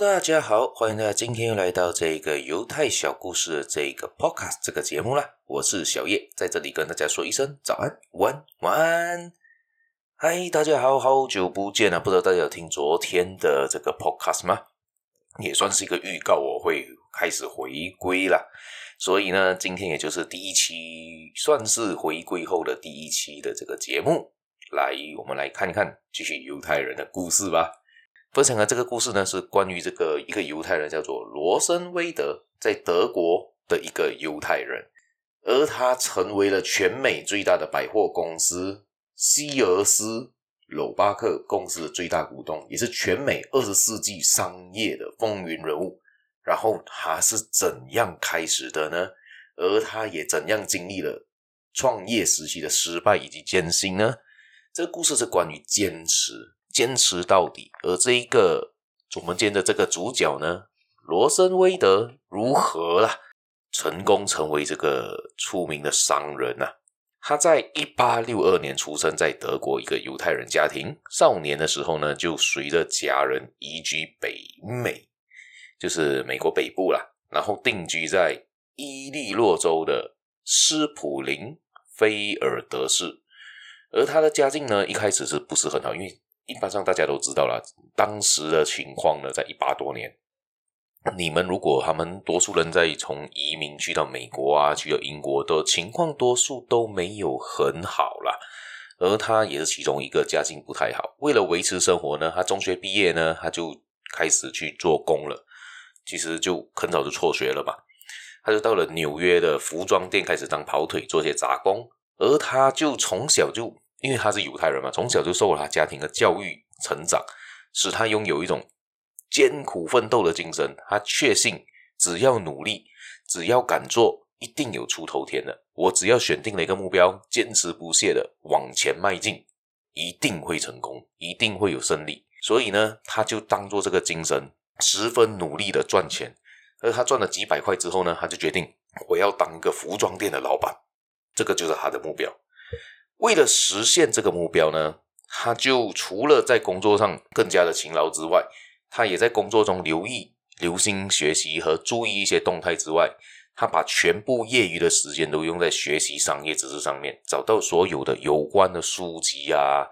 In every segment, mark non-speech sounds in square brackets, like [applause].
大家好，歡迎大家今天又來到這個猶太小故事的這個 podcast 這個節目啦，我是小葉，在這裡跟大家說一聲早安，晚安晚安。嗨，大家好好久不見了，不知道大家有聽昨天的這個 podcast 嗎？也算是一個預告，我會開始回歸了。所以呢，今天也就是第一期，算是回歸後的第一期的這個節目。來，我們來看看，繼續猶太人的故事吧。分享的這個故事呢，是關於這個一個猶太人，叫做羅森威德，在德國的一個猶太人，而他成為了全美最大的百貨公司西爾斯羅巴克公司的最大股東，也是全美二十世紀商業的風雲人物。然後他是怎樣開始的呢？而他也怎樣經歷了創業時期的失敗以及艱辛呢？這個故事是關於堅持。堅持到底，而這一個我們講的這個主角呢，羅森威德如何啦？成功成為這個出名的商人啊？他在一八六二年出生在德國一個猶太人家庭，少年的時候呢，就隨着家人移居北美，就是美國北部了，然後定居在伊利諾州的斯普林菲爾德市。而他的家境呢，一開始是不是很好？因為一般上大家都知道了，當時的情況呢，在一八多年，你們如果他們多數人在從移民去到美國啊，去到英國的情況，多數都沒有很好了。而他也是其中一個家境不太好，為了維持生活呢，他中學畢業呢，他就開始去做工了，其實就很早就輟學了嘛。他就到了紐約的服裝店開始當跑腿，做些雜工。而他就從小就。因為他是猶太人嘛，從小就受了他家庭的教育成長，使他擁有一種艱苦奮鬥的精神。他確信，只要努力，只要敢做，一定有出頭天的。我只要選定了一個目標，堅持不懈的往前邁進，一定會成功，一定會有勝利。所以呢，他就當做這個精神，十分努力的賺錢。而他賺了幾百塊之後呢，他就決定我要當一個服裝店的老闆，這個就是他的目標。為了實現這個目標呢，他就除了在工作上更加的勤勞之外，他也在工作中留意、留心學習和注意一些動態之外，他把全部業餘的時間都用在學習商業知識上面，找到所有的有關的書籍啊、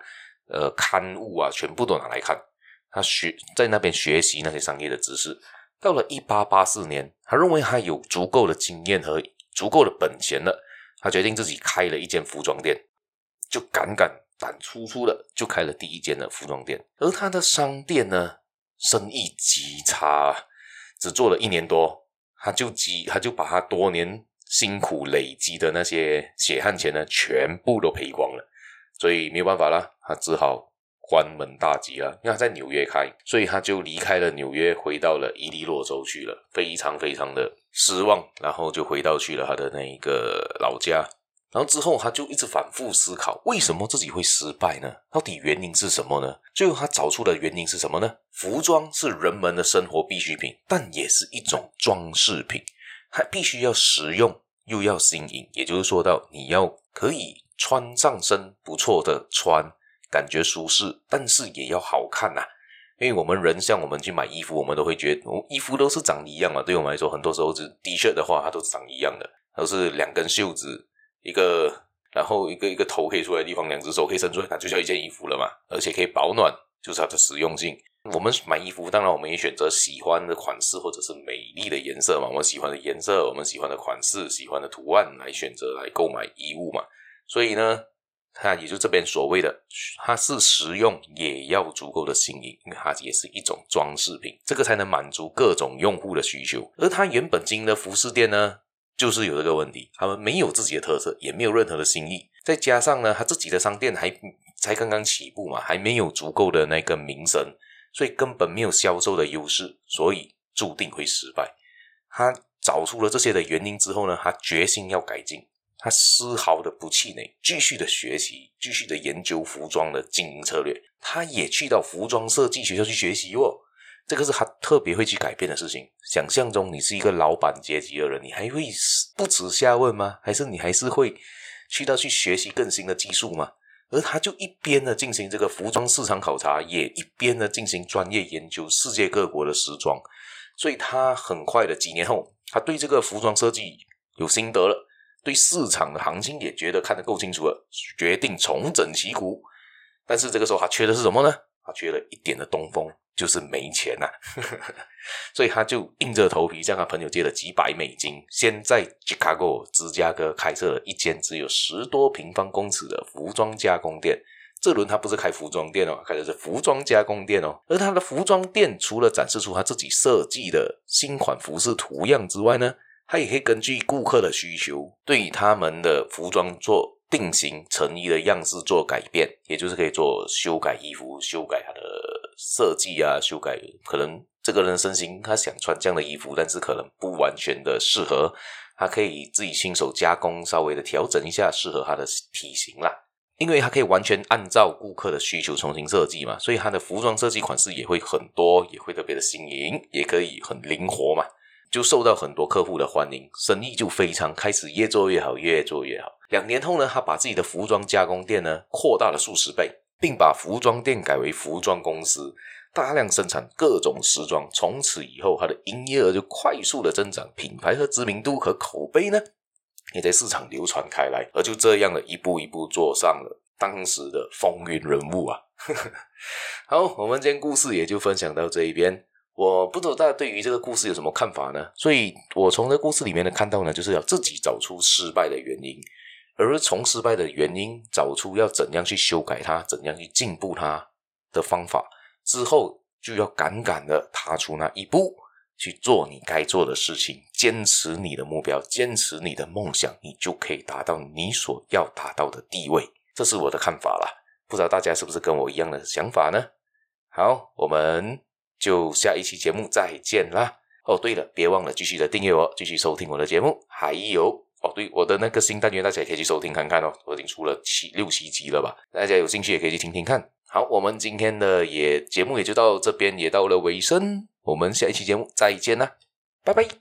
呃，刊物啊，全部都拿來看。他學，在那邊學習那些商業的知識。到了一八八四年，他認為他有足夠的經驗和足夠的本錢了，他決定自己開了一間服裝店。就敢敢膽粗粗的，就開了第一間的服裝店。而他的商店呢，生意極差，只做了一年多，他就積，他就把他多年辛苦累積的那些血汗錢呢，全部都賠光了。所以沒有辦法啦，他只好關門大吉啦。因為他在紐約開，所以他就離開了紐約，回到了伊利諾州去了，非常非常的失望。然後就回到去了他的那一個老家。然後之後，他就一直反覆思考，為什麼自己會失敗呢？到底原因是什麼呢？最後他找出的原因是什麼呢？服裝是人們的生活必需品，但也是一種裝飾品，它必須要實用又要新穎。也就是說到，你要可以穿上身不錯的穿，感覺舒適，但是也要好看吶、啊。因為我們人像我們去買衣服，我們都會覺得，哦，衣服都是長一樣嘛。對我們來說，很多時候是 T 恤的話，它都是長一樣的，都是兩根袖子。一個，然後一個一個頭可以出來的地方，兩隻手可以伸出來，它就叫一件衣服了嘛。而且可以保暖，就是它的實用性。我們買衣服，當然我們也選擇喜歡的款式或者是美麗的顏色嘛。我們喜歡的顏色，我們喜歡的款式，喜歡的圖案來選擇來購買衣物嘛。所以呢，它也就這邊所謂的，它是實用也要足夠的新穎，因為它也是一種裝飾品，這個才能滿足各種用戶的需求。而它原本經營的服飾店呢，就是有這個問題，他們沒有自己的特色，也沒有任何的新意，再加上呢，他自己的商店還才剛剛起步嘛，還沒有足夠的那個名聲，所以根本沒有銷售的優勢，所以注定會失敗。他找出了這些的原因之後呢，他決心要改進，他絲毫的不氣餒，繼續的學習，繼續的研究服裝的經營策略，他也去到服裝設計學校去學習哦。這個是他特別會去改變的事情。想象中，你是一個老闆階級的人，你還會不恥下問嗎？還是你還是會去到去學習更新的技術嗎？而他就一邊呢進行這個服裝市場考察，也一邊呢進行專業研究世界各國的時裝。所以他很快的幾年後，他對這個服裝設計有心得了，對市場的行情也覺得看得夠清楚了，決定重整旗鼓。但是這個時候他缺的是什麼呢？他缺了一點的東風。就是沒錢吶、啊， [laughs] 所以他就硬着頭皮向他朋友借了幾百美金，先在 Chicago，芝加哥開設了一間只有十多平方公尺的服裝加工店。這輪他不是開服裝店哦，開的是服裝加工店哦。而他的服裝店除了展示出他自己設計的新款服飾圖樣之外呢，他也可以根據顧客的需求，對他們的服裝做定型成衣的樣式做改變，也就是可以做修改衣服、修改他的。設計啊，修改，可能這個人的身形他想穿這樣的衣服，但是可能不完全的適合，他可以自己親手加工，稍微的調整一下，適合他的體型啦。因為他可以完全按照顧客的需求重新設計嘛，所以他的服裝設計款式也會很多，也會特別的新穎，也可以很靈活嘛，就受到很多客戶的歡迎，生意就非常開始越做越好，越做越好。兩年後呢，他把自己的服裝加工店呢擴大了數十倍。並把服裝店改為服裝公司，大量生產各種時裝。從此以後，它的營業額就快速的增長，品牌和知名度和口碑呢也在市場流傳開來。而就這樣的一步一步，做上了當時的風雲人物啊！ [laughs] 好，我們今天故事也就分享到這一邊。我不知道大家對於這個故事有什麼看法呢？所以，我從這故事裡面能看到呢，就是要自己找出失敗的原因。而從失敗的原因找出要怎樣去修改它，怎樣去進步它的方法之後，就要敢敢的踏出那一步，去做你該做的事情，堅持你的目標，堅持你的夢想，你就可以達到你所要達到的地位。這是我的看法啦，不知道大家是不是跟我一樣的想法呢？好，我們就下一期節目再見啦！哦，對了，別忘了繼續的訂閱我，繼續收聽我的節目，還有。哦，對，我的那個新單元，大家也可以去收聽看看哦，我已經出了七、六七集了吧，大家有興趣也可以去聽聽看。好，我們今天的也節目也就到這邊，也到了尾聲，我們下一期節目再見啦，拜拜。